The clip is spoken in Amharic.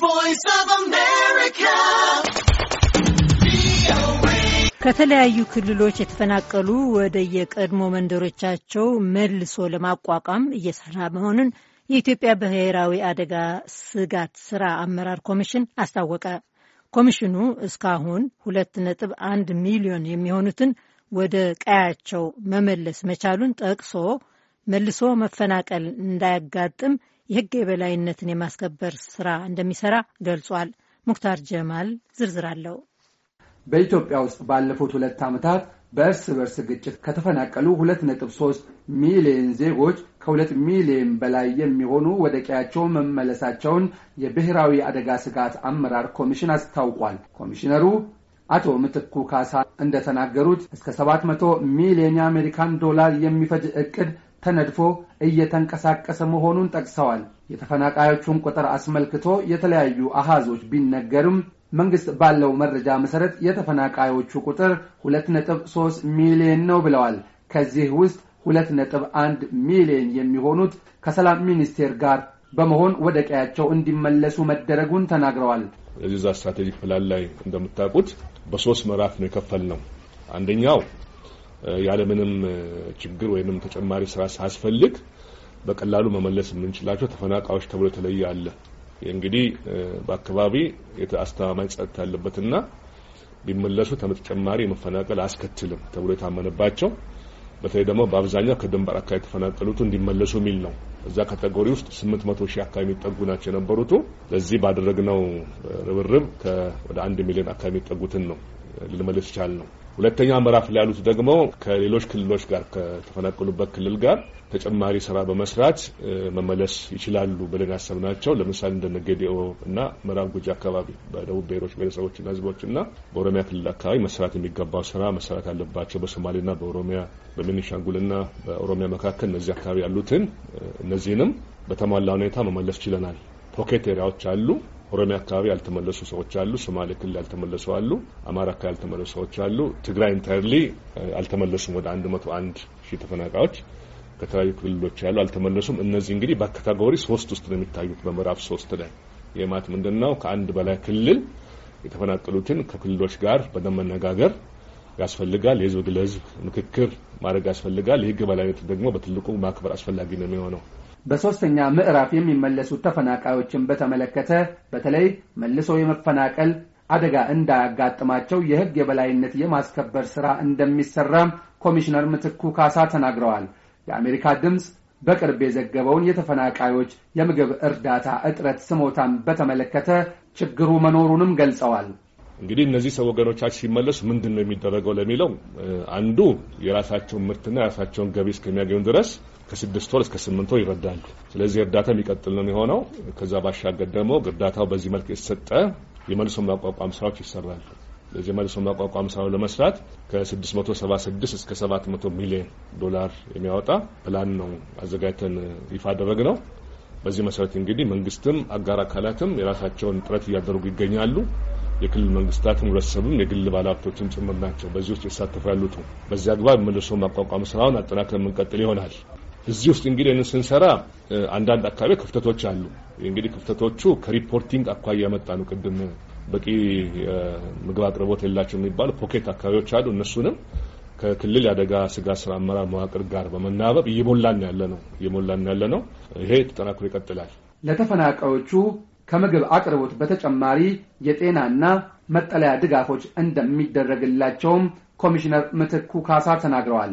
ቮይስ ኦፍ አሜሪካ ከተለያዩ ክልሎች የተፈናቀሉ ወደ የቀድሞ መንደሮቻቸው መልሶ ለማቋቋም እየሰራ መሆኑን የኢትዮጵያ ብሔራዊ አደጋ ስጋት ስራ አመራር ኮሚሽን አስታወቀ። ኮሚሽኑ እስካሁን ሁለት ነጥብ አንድ ሚሊዮን የሚሆኑትን ወደ ቀያቸው መመለስ መቻሉን ጠቅሶ መልሶ መፈናቀል እንዳያጋጥም የህግ የበላይነትን የማስከበር ስራ እንደሚሰራ ገልጿል። ሙክታር ጀማል ዝርዝር አለው። በኢትዮጵያ ውስጥ ባለፉት ሁለት ዓመታት በእርስ በርስ ግጭት ከተፈናቀሉ 2.3 ሚሊዮን ዜጎች ከሁለት ሚሊዮን በላይ የሚሆኑ ወደ ቀያቸው መመለሳቸውን የብሔራዊ አደጋ ስጋት አመራር ኮሚሽን አስታውቋል። ኮሚሽነሩ አቶ ምትኩ ካሳ እንደተናገሩት እስከ 700 ሚሊዮን የአሜሪካን ዶላር የሚፈጅ እቅድ ። ተነድፎ እየተንቀሳቀሰ መሆኑን ጠቅሰዋል። የተፈናቃዮቹን ቁጥር አስመልክቶ የተለያዩ አሃዞች ቢነገርም መንግስት ባለው መረጃ መሰረት የተፈናቃዮቹ ቁጥር 2.3 ሚሊዮን ነው ብለዋል። ከዚህ ውስጥ 2.1 ሚሊዮን የሚሆኑት ከሰላም ሚኒስቴር ጋር በመሆን ወደ ቀያቸው እንዲመለሱ መደረጉን ተናግረዋል። የዛ ስትራቴጂክ ፕላን ላይ እንደምታውቁት በሶስት ምዕራፍ ነው የከፈል ነው። አንደኛው ያለምንም ችግር ወይንም ተጨማሪ ስራ ሳስፈልግ በቀላሉ መመለስ የምንችላቸው ተፈናቃዮች ተብሎ የተለየ አለ። እንግዲህ በአካባቢ አስተማማኝ ጸጥታ ያለበትና ቢመለሱ ተጨማሪ መፈናቀል አስከትልም ተብሎ የታመነባቸው በተለይ ደግሞ በአብዛኛው ከድንበር አካባቢ የተፈናቀሉት እንዲመለሱ የሚል ነው። እዛ ካተጎሪ ውስጥ 800 ሺህ አካባቢ የሚጠጉ ናቸው የነበሩት። ለዚህ ባደረግነው ርብርብ ወደ አንድ ሚሊዮን አካባቢ የሚጠጉትን ነው ልመልስ ቻል ነው። ሁለተኛ ምዕራፍ ላይ ያሉት ደግሞ ከሌሎች ክልሎች ጋር ከተፈናቀሉበት ክልል ጋር ተጨማሪ ስራ በመስራት መመለስ ይችላሉ ብለን ያሰብናቸው ለምሳሌ እንደነ ጌዲኦ እና ምዕራብ ጉጂ አካባቢ በደቡብ ብሔሮች ብሔረሰቦችና ህዝቦች በኦሮሚያ ክልል አካባቢ መስራት የሚገባው ስራ መስራት ያለባቸው በሶማሌና በኦሮሚያ በቤኒሻንጉልና በኦሮሚያ መካከል እነዚህ አካባቢ ያሉትን እነዚህንም በተሟላ ሁኔታ መመለስ ችለናል። ፖኬት ኤሪያዎች አሉ። ኦሮሚያ አካባቢ ያልተመለሱ ሰዎች አሉ። ሶማሌ ክልል ያልተመለሱ አሉ። አማራ አካባቢ ያልተመለሱ ሰዎች አሉ። ትግራይ ኢንተርሊ አልተመለሱም። ወደ አንድ መቶ አንድ ሺህ ተፈናቃዮች ከተለያዩ ክልሎች ያሉ አልተመለሱም። እነዚህ እንግዲህ በካታጎሪ ሶስት ውስጥ ነው የሚታዩት በምዕራፍ ሶስት ላይ የማት ምንድን ነው ከአንድ በላይ ክልል የተፈናቀሉትን ከክልሎች ጋር በደንብ መነጋገር ያስፈልጋል። የህዝብ ለህዝብ ምክክር ማድረግ ያስፈልጋል። የህግ በላይነት ደግሞ በትልቁ ማክበር አስፈላጊ ነው የሚሆነው። በሦስተኛ ምዕራፍ የሚመለሱት ተፈናቃዮችን በተመለከተ በተለይ መልሶ የመፈናቀል አደጋ እንዳያጋጥማቸው የሕግ የበላይነት የማስከበር ሥራ እንደሚሠራም ኮሚሽነር ምትኩ ካሳ ተናግረዋል። የአሜሪካ ድምፅ በቅርብ የዘገበውን የተፈናቃዮች የምግብ እርዳታ እጥረት ስሞታን በተመለከተ ችግሩ መኖሩንም ገልጸዋል። እንግዲህ እነዚህ ሰው ወገኖቻችን ሲመለሱ ምንድን ነው የሚደረገው ለሚለው አንዱ የራሳቸውን ምርትና የራሳቸውን ገቢ እስከሚያገኙ ድረስ ከስድስት ወር እስከ ስምንት ወር ይረዳሉ። ስለዚህ እርዳታ የሚቀጥል ነው የሚሆነው። ከዛ ባሻገር ደግሞ እርዳታው በዚህ መልክ የተሰጠ የመልሶ ማቋቋም ስራዎች ይሰራሉ። ለዚህ የመልሶ ማቋቋም ስራው ለመስራት ከ676 እስከ 700 ሚሊዮን ዶላር የሚያወጣ ፕላን ነው አዘጋጅተን ይፋ አደረግ ነው። በዚህ መሰረት እንግዲህ መንግስትም አጋር አካላትም የራሳቸውን ጥረት እያደረጉ ይገኛሉ። የክልል መንግስታትም ህብረተሰብም የግል ባለሀብቶችም ጭምር ናቸው በዚህ ውስጥ የተሳተፉ ያሉት። በዚህ አግባብ መልሶ ማቋቋም ስራውን አጠናክረን የምንቀጥል ይሆናል። እዚህ ውስጥ እንግዲህ ይህንን ስንሰራ አንዳንድ አካባቢ ክፍተቶች አሉ። እንግዲህ ክፍተቶቹ ከሪፖርቲንግ አኳያ የመጣ ነው። ቅድም በቂ ምግብ አቅርቦት የላቸው የሚባሉ ፖኬት አካባቢዎች አሉ። እነሱንም ከክልል የአደጋ ስጋት ስራ አመራር መዋቅር ጋር በመናበብ እየሞላን ያለ ነው እየሞላን ያለ ነው። ይሄ ተጠናክሮ ይቀጥላል። ለተፈናቃዮቹ ከምግብ አቅርቦት በተጨማሪ የጤናና መጠለያ ድጋፎች እንደሚደረግላቸውም ኮሚሽነር ምትኩ ካሳ ተናግረዋል።